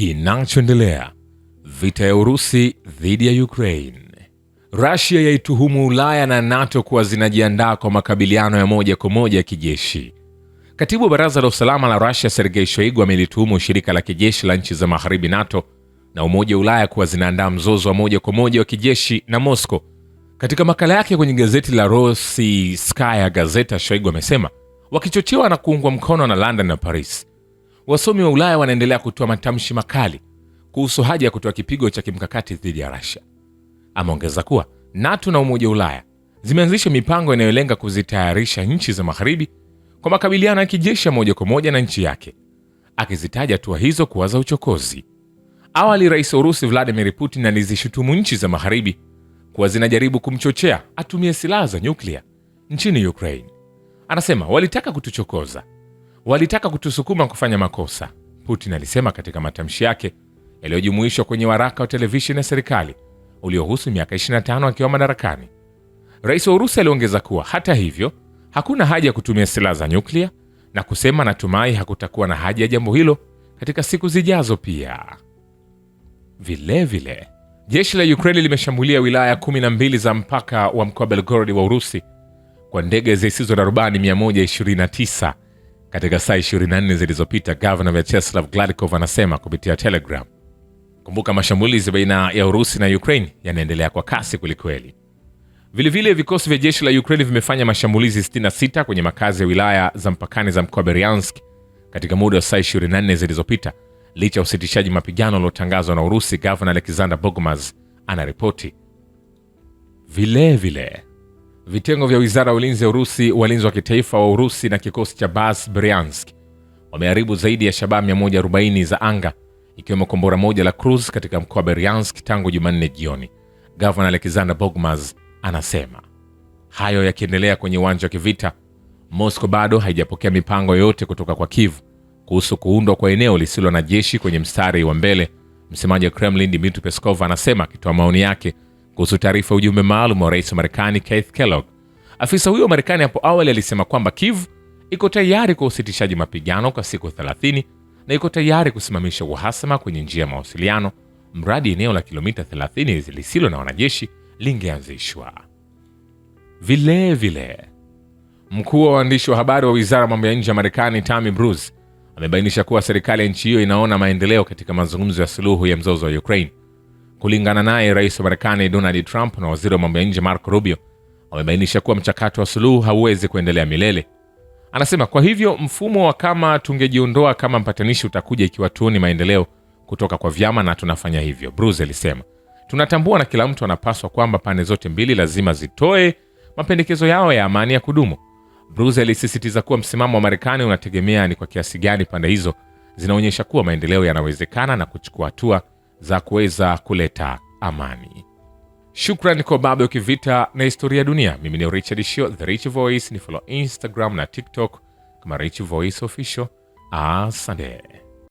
kinachoendelea: vita ya Urusi dhidi ya Ukraine. rasia yaituhumu Ulaya na NATO kuwa zinajiandaa kwa makabiliano ya moja kwa moja ya kijeshi. Katibu wa Baraza la Usalama la rusia Sergei Shoigu amelituhumu shirika la kijeshi la nchi za Magharibi NATO na Umoja wa Ulaya kuwa zinaandaa mzozo wa moja kwa moja wa kijeshi na Moscow. Katika makala yake kwenye gazeti la Rossiyskaya Gazeta, Shoigu amesema wakichochewa na kuungwa mkono na London na Paris, Wasomi wa Ulaya wanaendelea kutoa matamshi makali kuhusu haja ya kutoa kipigo cha kimkakati dhidi ya rasia Ameongeza kuwa NATO na Umoja wa Ulaya zimeanzisha mipango inayolenga kuzitayarisha nchi za magharibi kwa makabiliano ya kijeshi ya moja kwa moja na nchi yake, akizitaja hatua hizo kuwa za uchokozi. Awali, rais wa Urusi Vladimir Putin alizishutumu nchi za magharibi kuwa zinajaribu kumchochea atumie silaha za nyuklia nchini Ukraine. Anasema walitaka kutuchokoza walitaka kutusukuma kufanya makosa, Putin alisema katika matamshi yake yaliyojumuishwa kwenye waraka wa televisheni ya serikali uliohusu miaka 25 akiwa madarakani. Rais wa Urusi aliongeza kuwa hata hivyo, hakuna haja ya kutumia silaha za nyuklia na kusema natumai hakutakuwa na haja ya jambo hilo katika siku zijazo. Pia vilevile vile, jeshi la Ukraini limeshambulia wilaya 12 za mpaka wa mkoa wa Belgorod wa Urusi kwa ndege zisizo na rubani 129 katika saa 24 zilizopita, gavana Vyacheslav Gladkov anasema kupitia Telegram, kumbuka mashambulizi baina ya Urusi na Ukraine yanaendelea kwa kasi kwelikweli. Vilevile vikosi vya jeshi la Ukraine vimefanya mashambulizi 66 kwenye makazi ya wilaya za mpakani za mkoa Beriansk katika muda wa saa 24 zilizopita, licha ya usitishaji mapigano uliotangazwa na Urusi. Gavana Alexander bogmas anaripoti vilevile Vitengo vya wizara ya ulinzi ya Urusi, walinzi wa kitaifa wa Urusi na kikosi cha Bas Briansk wameharibu zaidi ya shabaha 140 za anga ikiwemo kombora moja la cruz katika mkoa wa briansk tangu Jumanne jioni. Gavana Alexander Bogmaz anasema hayo yakiendelea kwenye uwanja wa kivita, Moscow bado haijapokea mipango yoyote kutoka kwa Kiev kuhusu kuundwa kwa eneo lisilo na jeshi kwenye mstari wa mbele. Msemaji wa Kremlin dmitri Peskov anasema akitoa maoni yake kuhusu taarifa ya ujumbe maalum wa rais wa Marekani Keith Kellogg. Afisa huyo wa Marekani hapo awali alisema kwamba Kiev iko tayari kwa usitishaji mapigano kwa siku 30 na iko tayari kusimamisha uhasama kwenye njia ya mawasiliano, mradi eneo la kilomita 30 lisilo na wanajeshi lingeanzishwa. vilevile mkuu wa waandishi wa habari wa wizara ya mambo ya nje ya Marekani Tammy Bruce amebainisha kuwa serikali ya nchi hiyo inaona maendeleo katika mazungumzo ya suluhu ya mzozo wa Ukraine Kulingana naye, rais wa Marekani Donald Trump na waziri wa mambo ya nje Marco Rubio wamebainisha kuwa mchakato wa suluhu hauwezi kuendelea milele. Anasema kwa hivyo mfumo wa kama tungejiondoa kama mpatanishi utakuja ikiwa tuoni maendeleo kutoka kwa vyama na tunafanya hivyo, Bruce alisema. Tunatambua na kila mtu anapaswa kwamba pande zote mbili lazima zitoe mapendekezo yao ya amani ya kudumu. Bruce alisisitiza kuwa msimamo wa Marekani unategemea ni kwa kiasi gani pande hizo zinaonyesha kuwa maendeleo yanawezekana na kuchukua hatua za kuweza kuleta amani. Shukrani kwa Babu ukivita Kivita na Historia Dunia. Mimi ni Richard Shio, The Rich Voice. Ni follow Instagram na TikTok kama Rich Voice Official. Asante.